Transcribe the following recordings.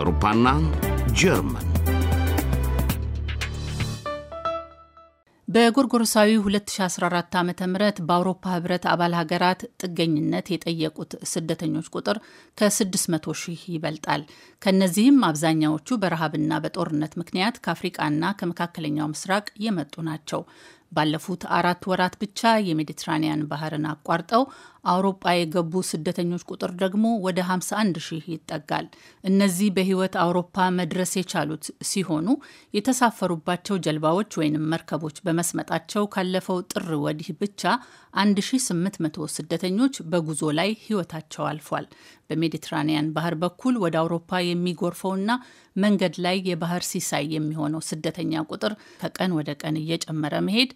አውሮፓና ጀርመን በጎርጎሮሳዊ 2014 ዓ ም በአውሮፓ ህብረት አባል ሀገራት ጥገኝነት የጠየቁት ስደተኞች ቁጥር ከ600 ሺህ ይበልጣል። ከነዚህም አብዛኛዎቹ በረሃብና በጦርነት ምክንያት ከአፍሪቃና ከመካከለኛው ምስራቅ የመጡ ናቸው። ባለፉት አራት ወራት ብቻ የሜዲትራኒያን ባህርን አቋርጠው አውሮጳ የገቡ ስደተኞች ቁጥር ደግሞ ወደ 51 ሺህ ይጠጋል። እነዚህ በህይወት አውሮፓ መድረስ የቻሉት ሲሆኑ የተሳፈሩባቸው ጀልባዎች ወይም መርከቦች በመስመጣቸው ካለፈው ጥር ወዲህ ብቻ 1800 ስደተኞች በጉዞ ላይ ህይወታቸው አልፏል። በሜዲትራኒያን ባህር በኩል ወደ አውሮፓ የሚጎርፈውና መንገድ ላይ የባህር ሲሳይ የሚሆነው ስደተኛ ቁጥር ከቀን ወደ ቀን እየጨመረ መሄድ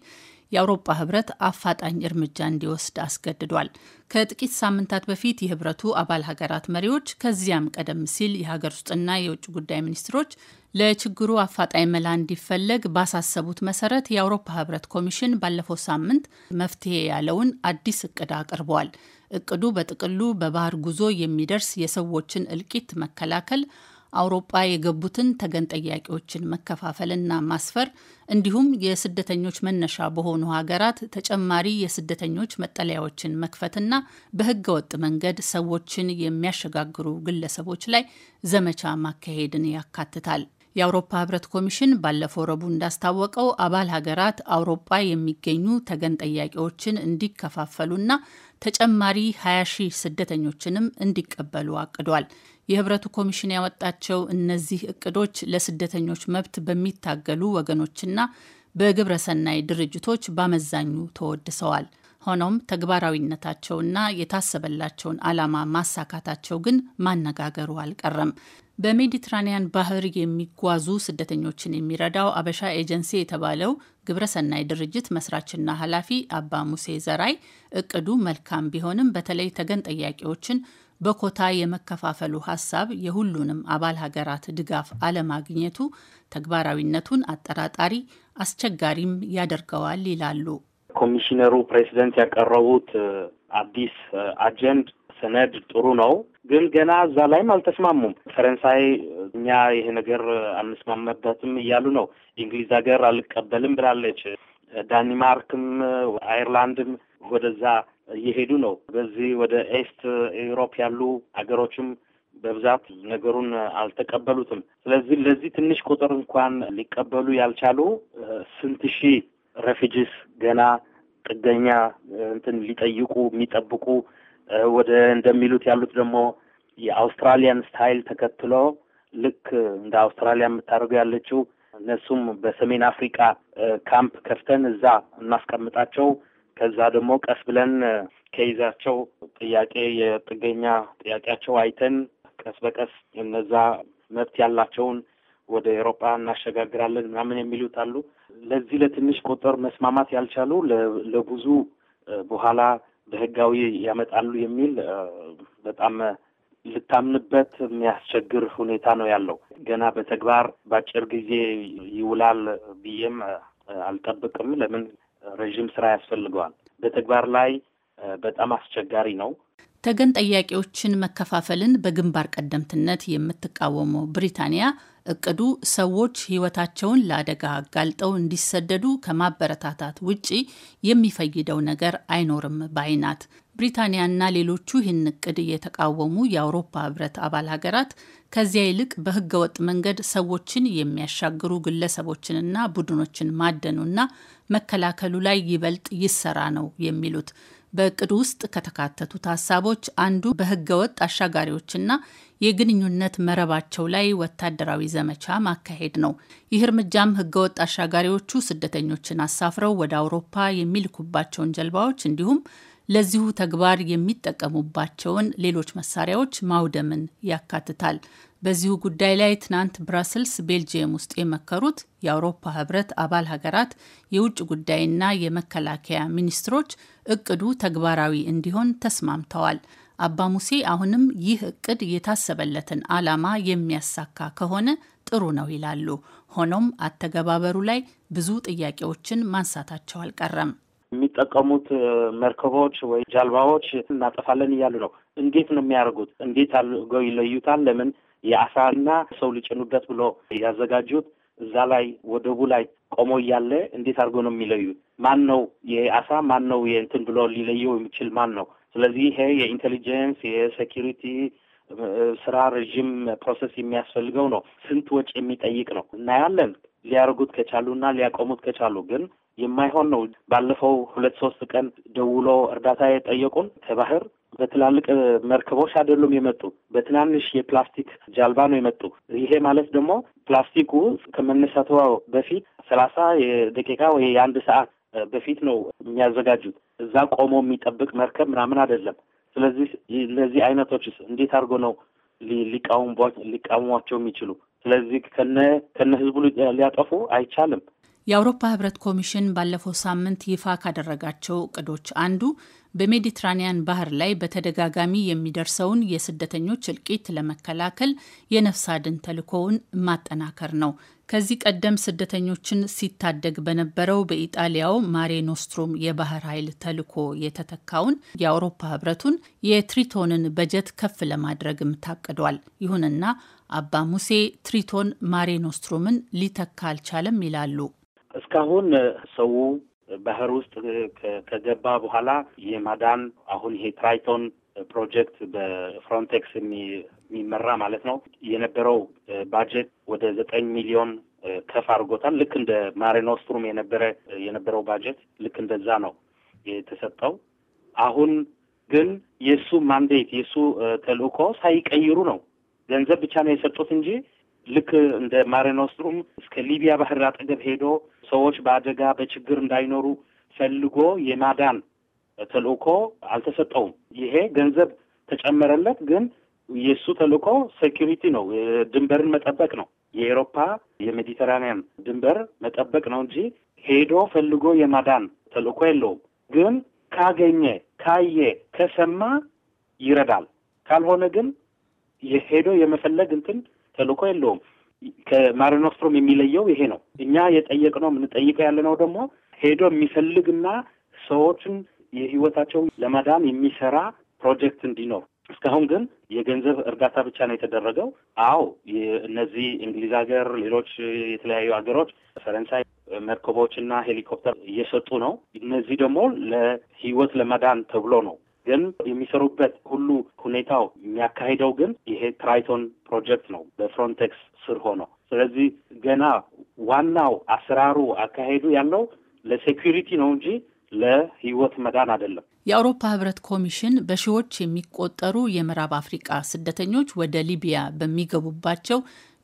የአውሮፓ ህብረት አፋጣኝ እርምጃ እንዲወስድ አስገድዷል። ከጥቂት ሳምንታት በፊት የህብረቱ አባል ሀገራት መሪዎች ከዚያም ቀደም ሲል የሀገር ውስጥና የውጭ ጉዳይ ሚኒስትሮች ለችግሩ አፋጣኝ መላ እንዲፈለግ ባሳሰቡት መሰረት የአውሮፓ ህብረት ኮሚሽን ባለፈው ሳምንት መፍትሄ ያለውን አዲስ እቅድ አቅርበዋል። እቅዱ በጥቅሉ በባህር ጉዞ የሚደርስ የሰዎችን እልቂት መከላከል አውሮጳ የገቡትን ተገን ጠያቂዎችን መከፋፈልና ማስፈር እንዲሁም የስደተኞች መነሻ በሆኑ ሀገራት ተጨማሪ የስደተኞች መጠለያዎችን መክፈትና በህገ ወጥ መንገድ ሰዎችን የሚያሸጋግሩ ግለሰቦች ላይ ዘመቻ ማካሄድን ያካትታል። የአውሮፓ ህብረት ኮሚሽን ባለፈው ረቡዕ እንዳስታወቀው አባል ሀገራት አውሮፓ የሚገኙ ተገን ጠያቂዎችን እንዲከፋፈሉና ተጨማሪ 20 ሺህ ስደተኞችንም እንዲቀበሉ አቅዷል። የህብረቱ ኮሚሽን ያወጣቸው እነዚህ እቅዶች ለስደተኞች መብት በሚታገሉ ወገኖችና በግብረ ሰናይ ድርጅቶች በአመዛኙ ተወድሰዋል። ሆኖም ተግባራዊነታቸውና የታሰበላቸውን ዓላማ ማሳካታቸው ግን ማነጋገሩ አልቀረም። በሜዲትራኒያን ባህር የሚጓዙ ስደተኞችን የሚረዳው አበሻ ኤጀንሲ የተባለው ግብረሰናይ ድርጅት መስራችና ኃላፊ አባ ሙሴ ዘራይ እቅዱ መልካም ቢሆንም በተለይ ተገን ጠያቂዎችን በኮታ የመከፋፈሉ ሀሳብ የሁሉንም አባል ሀገራት ድጋፍ አለማግኘቱ ተግባራዊነቱን አጠራጣሪ፣ አስቸጋሪም ያደርገዋል ይላሉ ኮሚሽነሩ። ፕሬዚደንት ያቀረቡት አዲስ አጀንድ ሰነድ ጥሩ ነው፣ ግን ገና እዛ ላይም አልተስማሙም። ፈረንሳይ እኛ ይሄ ነገር አንስማማበትም እያሉ ነው። እንግሊዝ ሀገር አልቀበልም ብላለች። ዳኒማርክም አይርላንድም ወደዛ እየሄዱ ነው። በዚህ ወደ ኤስት ዩሮፕ ያሉ ሀገሮችም በብዛት ነገሩን አልተቀበሉትም። ስለዚህ ለዚህ ትንሽ ቁጥር እንኳን ሊቀበሉ ያልቻሉ ስንት ሺህ ረፊጂስ ገና ጥገኛ እንትን ሊጠይቁ የሚጠብቁ ወደ እንደሚሉት ያሉት ደግሞ የአውስትራሊያን ስታይል ተከትሎ ልክ እንደ አውስትራሊያ የምታደርገው ያለችው እነሱም በሰሜን አፍሪካ ካምፕ ከፍተን እዛ እናስቀምጣቸው ከዛ ደግሞ ቀስ ብለን ከይዛቸው ጥያቄ የጥገኛ ጥያቄያቸው አይተን ቀስ በቀስ እነዛ መብት ያላቸውን ወደ ኤሮጳ እናሸጋግራለን ምናምን የሚሉት አሉ። ለዚህ ለትንሽ ቁጥር መስማማት ያልቻሉ ለብዙ በኋላ በህጋዊ ያመጣሉ የሚል በጣም ልታምንበት የሚያስቸግር ሁኔታ ነው ያለው። ገና በተግባር በአጭር ጊዜ ይውላል ብዬም አልጠብቅም። ለምን ረዥም ስራ ያስፈልገዋል። በተግባር ላይ በጣም አስቸጋሪ ነው። ተገን ጠያቂዎችን መከፋፈልን በግንባር ቀደምትነት የምትቃወመው ብሪታንያ እቅዱ ሰዎች ሕይወታቸውን ለአደጋ አጋልጠው እንዲሰደዱ ከማበረታታት ውጪ የሚፈይደው ነገር አይኖርም ባይ ናት። ብሪታንያና ሌሎቹ ይህን እቅድ የተቃወሙ የአውሮፓ ህብረት አባል ሀገራት ከዚያ ይልቅ በህገወጥ መንገድ ሰዎችን የሚያሻግሩ ግለሰቦችንና ቡድኖችን ማደኑና መከላከሉ ላይ ይበልጥ ይሰራ ነው የሚሉት። በእቅድ ውስጥ ከተካተቱት ሀሳቦች አንዱ በህገወጥ አሻጋሪዎችና የግንኙነት መረባቸው ላይ ወታደራዊ ዘመቻ ማካሄድ ነው። ይህ እርምጃም ህገወጥ አሻጋሪዎቹ ስደተኞችን አሳፍረው ወደ አውሮፓ የሚልኩባቸውን ጀልባዎች እንዲሁም ለዚሁ ተግባር የሚጠቀሙባቸውን ሌሎች መሳሪያዎች ማውደምን ያካትታል። በዚሁ ጉዳይ ላይ ትናንት ብራስልስ ቤልጅየም ውስጥ የመከሩት የአውሮፓ ህብረት አባል ሀገራት የውጭ ጉዳይና የመከላከያ ሚኒስትሮች እቅዱ ተግባራዊ እንዲሆን ተስማምተዋል። አባ ሙሴ አሁንም ይህ እቅድ የታሰበለትን ዓላማ የሚያሳካ ከሆነ ጥሩ ነው ይላሉ። ሆኖም አተገባበሩ ላይ ብዙ ጥያቄዎችን ማንሳታቸው አልቀረም። የሚጠቀሙት መርከቦች ወይ ጀልባዎች እናጠፋለን እያሉ ነው። እንዴት ነው የሚያደርጉት? እንዴት አድርገው ይለዩታል? ለምን የአሳና ሰው ሊጭኑበት ብሎ ያዘጋጁት እዛ ላይ ወደቡ ላይ ቆሞ እያለ እንዴት አድርጎ ነው የሚለዩት? ማን ነው የአሳ ማን ነው የእንትን ብሎ ሊለየው የሚችል ማን ነው? ስለዚህ ይሄ የኢንቴሊጀንስ የሴኪሪቲ ስራ ረዥም ፕሮሰስ የሚያስፈልገው ነው። ስንት ወጪ የሚጠይቅ ነው። እናያለን ሊያደርጉት ከቻሉ እና ሊያቆሙት ከቻሉ ግን የማይሆን ነው። ባለፈው ሁለት ሶስት ቀን ደውሎ እርዳታ የጠየቁን ከባህር በትላልቅ መርከቦች አይደሉም የመጡ በትናንሽ የፕላስቲክ ጃልባ ነው የመጡ። ይሄ ማለት ደግሞ ፕላስቲኩ ከመነሳቱ በፊት ሰላሳ የደቂቃ ወይ የአንድ ሰዓት በፊት ነው የሚያዘጋጁት። እዛ ቆሞ የሚጠብቅ መርከብ ምናምን አይደለም። ስለዚህ እነዚህ አይነቶችስ እንዴት አድርጎ ነው ሊቃወሟቸው የሚችሉ? ስለዚህ ከነ ከነ ህዝቡ ሊያጠፉ አይቻልም። የአውሮፓ ህብረት ኮሚሽን ባለፈው ሳምንት ይፋ ካደረጋቸው እቅዶች አንዱ በሜዲትራኒያን ባህር ላይ በተደጋጋሚ የሚደርሰውን የስደተኞች እልቂት ለመከላከል የነፍስ አድን ተልእኮውን ማጠናከር ነው። ከዚህ ቀደም ስደተኞችን ሲታደግ በነበረው በኢጣሊያው ማሬ ኖስትሮም የባህር ኃይል ተልእኮ የተተካውን የአውሮፓ ህብረቱን የትሪቶንን በጀት ከፍ ለማድረግም ታቅዷል። ይሁንና አባ ሙሴ ትሪቶን ማሬ ኖስትሮምን ሊተካ አልቻለም ይላሉ። እስካሁን ሰው ባህር ውስጥ ከገባ በኋላ የማዳን አሁን ይሄ ትራይቶን ፕሮጀክት በፍሮንቴክስ የሚመራ ማለት ነው የነበረው ባጀት ወደ ዘጠኝ ሚሊዮን ከፍ አድርጎታል። ልክ እንደ ማሬኖስትሩም የነበረ የነበረው ባጀት ልክ እንደዛ ነው የተሰጠው። አሁን ግን የእሱ ማንዴት የእሱ ተልእኮ ሳይቀይሩ ነው ገንዘብ ብቻ ነው የሰጡት እንጂ ልክ እንደ ማሬኖስትሩም እስከ ሊቢያ ባህር አጠገብ ሄዶ ሰዎች በአደጋ በችግር እንዳይኖሩ ፈልጎ የማዳን ተልእኮ አልተሰጠውም። ይሄ ገንዘብ ተጨመረለት፣ ግን የእሱ ተልእኮ ሴኪሪቲ ነው፣ ድንበርን መጠበቅ ነው። የአውሮፓ የሜዲተራኒያን ድንበር መጠበቅ ነው እንጂ ሄዶ ፈልጎ የማዳን ተልእኮ የለውም። ግን ካገኘ፣ ካየ፣ ከሰማ ይረዳል። ካልሆነ ግን ሄዶ የመፈለግ እንትን ተልእኮ የለውም። ኖስትሮም የሚለየው ይሄ ነው። እኛ የጠየቅነው የምንጠይቀው ያለነው ደግሞ ሄዶ የሚፈልግና ሰዎችን የህይወታቸው ለማዳን የሚሰራ ፕሮጀክት እንዲኖር እስካሁን ግን የገንዘብ እርዳታ ብቻ ነው የተደረገው። አዎ እነዚህ እንግሊዝ ሀገር፣ ሌሎች የተለያዩ ሀገሮች፣ ፈረንሳይ መርከቦችና ሄሊኮፕተር እየሰጡ ነው። እነዚህ ደግሞ ለህይወት ለመዳን ተብሎ ነው ግን የሚሰሩበት ሁሉ ሁኔታው የሚያካሂደው ግን ይሄ ትራይቶን ፕሮጀክት ነው በፍሮንቴክስ ስር ሆኖ። ስለዚህ ገና ዋናው አሰራሩ አካሄዱ ያለው ለሴኩሪቲ ነው እንጂ ለህይወት መዳን አይደለም። የአውሮፓ ህብረት ኮሚሽን በሺዎች የሚቆጠሩ የምዕራብ አፍሪቃ ስደተኞች ወደ ሊቢያ በሚገቡባቸው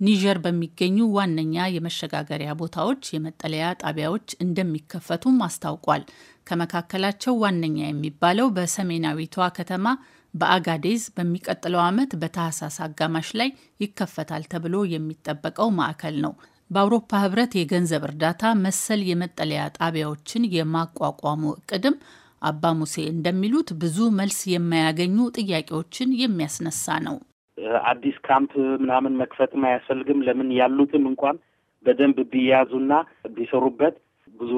ኒጀር በሚገኙ ዋነኛ የመሸጋገሪያ ቦታዎች የመጠለያ ጣቢያዎች እንደሚከፈቱም አስታውቋል። ከመካከላቸው ዋነኛ የሚባለው በሰሜናዊቷ ከተማ በአጋዴዝ በሚቀጥለው ዓመት በታህሳስ አጋማሽ ላይ ይከፈታል ተብሎ የሚጠበቀው ማዕከል ነው። በአውሮፓ ህብረት የገንዘብ እርዳታ መሰል የመጠለያ ጣቢያዎችን የማቋቋሙ እቅድም አባ ሙሴ እንደሚሉት ብዙ መልስ የማያገኙ ጥያቄዎችን የሚያስነሳ ነው። አዲስ ካምፕ ምናምን መክፈትም አያስፈልግም። ለምን ያሉትም እንኳን በደንብ ቢያዙና ቢሰሩበት ብዙ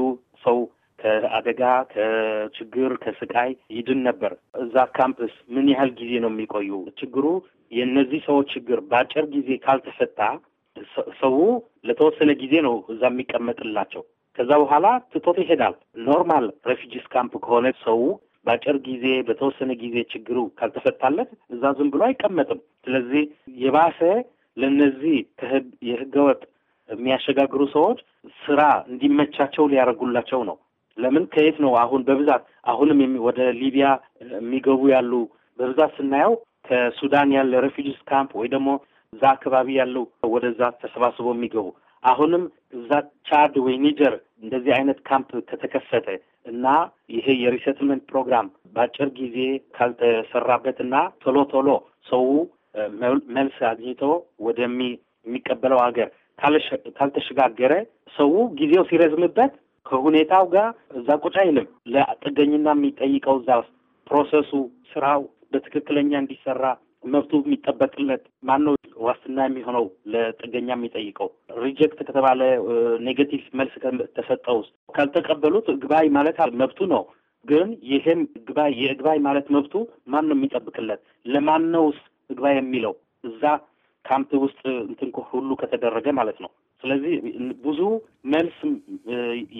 ሰው ከአደጋ ከችግር ከስቃይ ይድን ነበር። እዛ ካምፕስ ምን ያህል ጊዜ ነው የሚቆዩ? ችግሩ የእነዚህ ሰዎች ችግር በአጭር ጊዜ ካልተፈታ ሰው ለተወሰነ ጊዜ ነው እዛ የሚቀመጥላቸው። ከዛ በኋላ ትቶት ይሄዳል። ኖርማል ሬፊጂስ ካምፕ ከሆነ ሰው በአጭር ጊዜ በተወሰነ ጊዜ ችግሩ ካልተፈታለት እዛ ዝም ብሎ አይቀመጥም። ስለዚህ የባሰ ለእነዚህ የህገወጥ የሚያሸጋግሩ ሰዎች ስራ እንዲመቻቸው ሊያደርጉላቸው ነው። ለምን ከየት ነው አሁን በብዛት አሁንም ወደ ሊቢያ የሚገቡ ያሉ በብዛት ስናየው ከሱዳን ያለ ሬፊጂስ ካምፕ ወይ ደግሞ እዛ አካባቢ ያለው ወደዛ ተሰባስቦ የሚገቡ አሁንም እዛ ቻድ ወይ ኒጀር እንደዚህ አይነት ካምፕ ከተከፈተ እና ይሄ የሪሰትልመንት ፕሮግራም በአጭር ጊዜ ካልተሰራበት እና ቶሎ ቶሎ ሰው መልስ አግኝቶ ወደሚ የሚቀበለው ሀገር ካልተሸጋገረ ሰው ጊዜው ሲረዝምበት ከሁኔታው ጋር እዛ ቁጭ አይልም። ለጥገኝና የሚጠይቀው እዛ ውስጥ ፕሮሰሱ፣ ስራው በትክክለኛ እንዲሰራ መብቱ የሚጠበቅለት ማን ነው? ዋስትና የሚሆነው ለጥገኛ የሚጠይቀው ሪጀክት ከተባለ ኔጌቲቭ መልስ ተሰጠ ውስጥ ካልተቀበሉት ግባይ ማለት መብቱ ነው። ግን ይህም ግባይ የእግባይ ማለት መብቱ ማን ነው የሚጠብቅለት? ለማን ነው እግባይ የሚለው እዛ ካምፕ ውስጥ እንትን ሁሉ ከተደረገ ማለት ነው። ስለዚህ ብዙ መልስ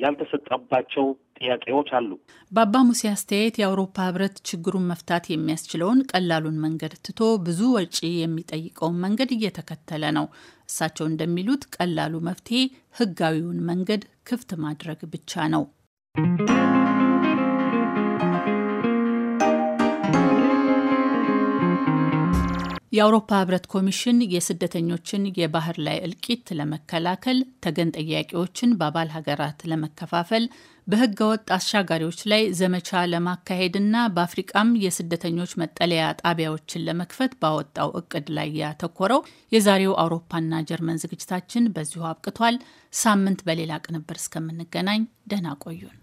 ያልተሰጠባቸው ጥያቄዎች አሉ። በአባ ሙሴ አስተያየት የአውሮፓ ህብረት ችግሩን መፍታት የሚያስችለውን ቀላሉን መንገድ ትቶ ብዙ ወጪ የሚጠይቀውን መንገድ እየተከተለ ነው። እሳቸው እንደሚሉት ቀላሉ መፍትሄ ህጋዊውን መንገድ ክፍት ማድረግ ብቻ ነው። የአውሮፓ ህብረት ኮሚሽን የስደተኞችን የባህር ላይ እልቂት ለመከላከል ተገን ጠያቂዎችን በአባል ሀገራት ለመከፋፈል በህገወጥ አሻጋሪዎች ላይ ዘመቻ ለማካሄድና በአፍሪቃም የስደተኞች መጠለያ ጣቢያዎችን ለመክፈት ባወጣው እቅድ ላይ ያተኮረው የዛሬው አውሮፓና ጀርመን ዝግጅታችን በዚሁ አብቅቷል። ሳምንት በሌላ ቅንብር እስከምንገናኝ ደህና ቆዩን።